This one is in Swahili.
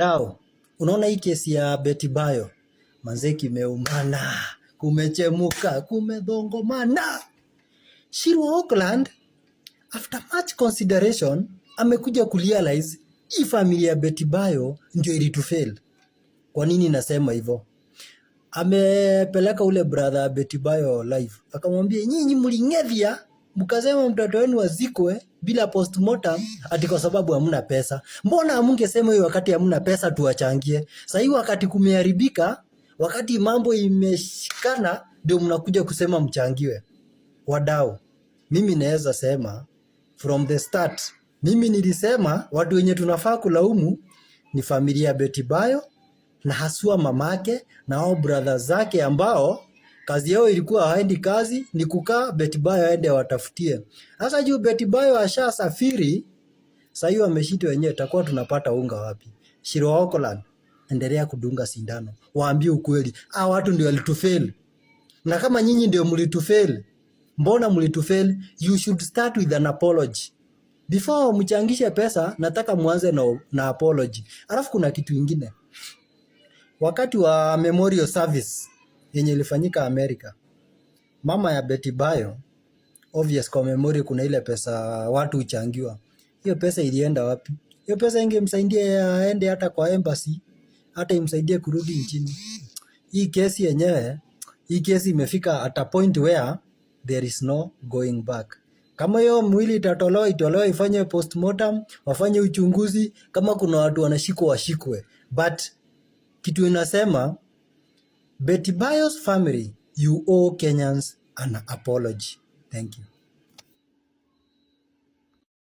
Dao, unaona hii kesi ya Betty Bayo manze, kimeumana, kumechemuka, kumedhongomana. Shiri Auckland after much consideration amekuja kurealize hii familia ya Betty Bayo ndio ilitufail. Kwa nini nasema hivyo? Amepeleka ule brother Betty Bayo live, akamwambia nyinyi mlingevia mkasema mtoto wenu azikwe bila postmortem ati kwa sababu hamna pesa. Mbona amungesema hiyo wakati hamna pesa tuwachangie? Sasa hii wakati kumeharibika, wakati mambo imeshikana, ndio mnakuja kusema mchangiwe. Wadau, mimi naweza sema from the start, mimi nilisema watu wenye tunafaa kulaumu ni familia Beti Bayo na haswa mamake na hao brother zake ambao Kazi yao ilikuwa haendi kazi, ni kukaa Bayo aende watafutie. Sasa juu Bayo asha safiri, sasa hiyo ameshitwa wenyewe, takuwa tunapata unga wapi? Shiro wa Okoland, endelea kudunga sindano, waambie ukweli. Ah, watu ndio walitufail. na kama nyinyi ndio mlitufail, mbona mlitufail? You should start with an apology before mchangishe pesa. Nataka mwanze na, na apology. Alafu kuna kitu ingine, wakati wa memorial service yenye ilifanyika Amerika. Mama ya Betty Bayo, obvious kwa memory kuna ile pesa watu uchangiwa. Hiyo pesa ilienda wapi? Hiyo pesa ingemsaidia aende hata kwa embassy, hata imsaidie kurudi nchini. Hii kesi yenyewe, hii kesi imefika at a point where there is no going back. Kama hiyo mwili itatolewa, itolewa ifanye postmortem, wafanye uchunguzi. Kama kuna watu wanashikwa, washikwe, but kitu inasema Betty Bio's family, you owe Kenyans an apology. Thank you.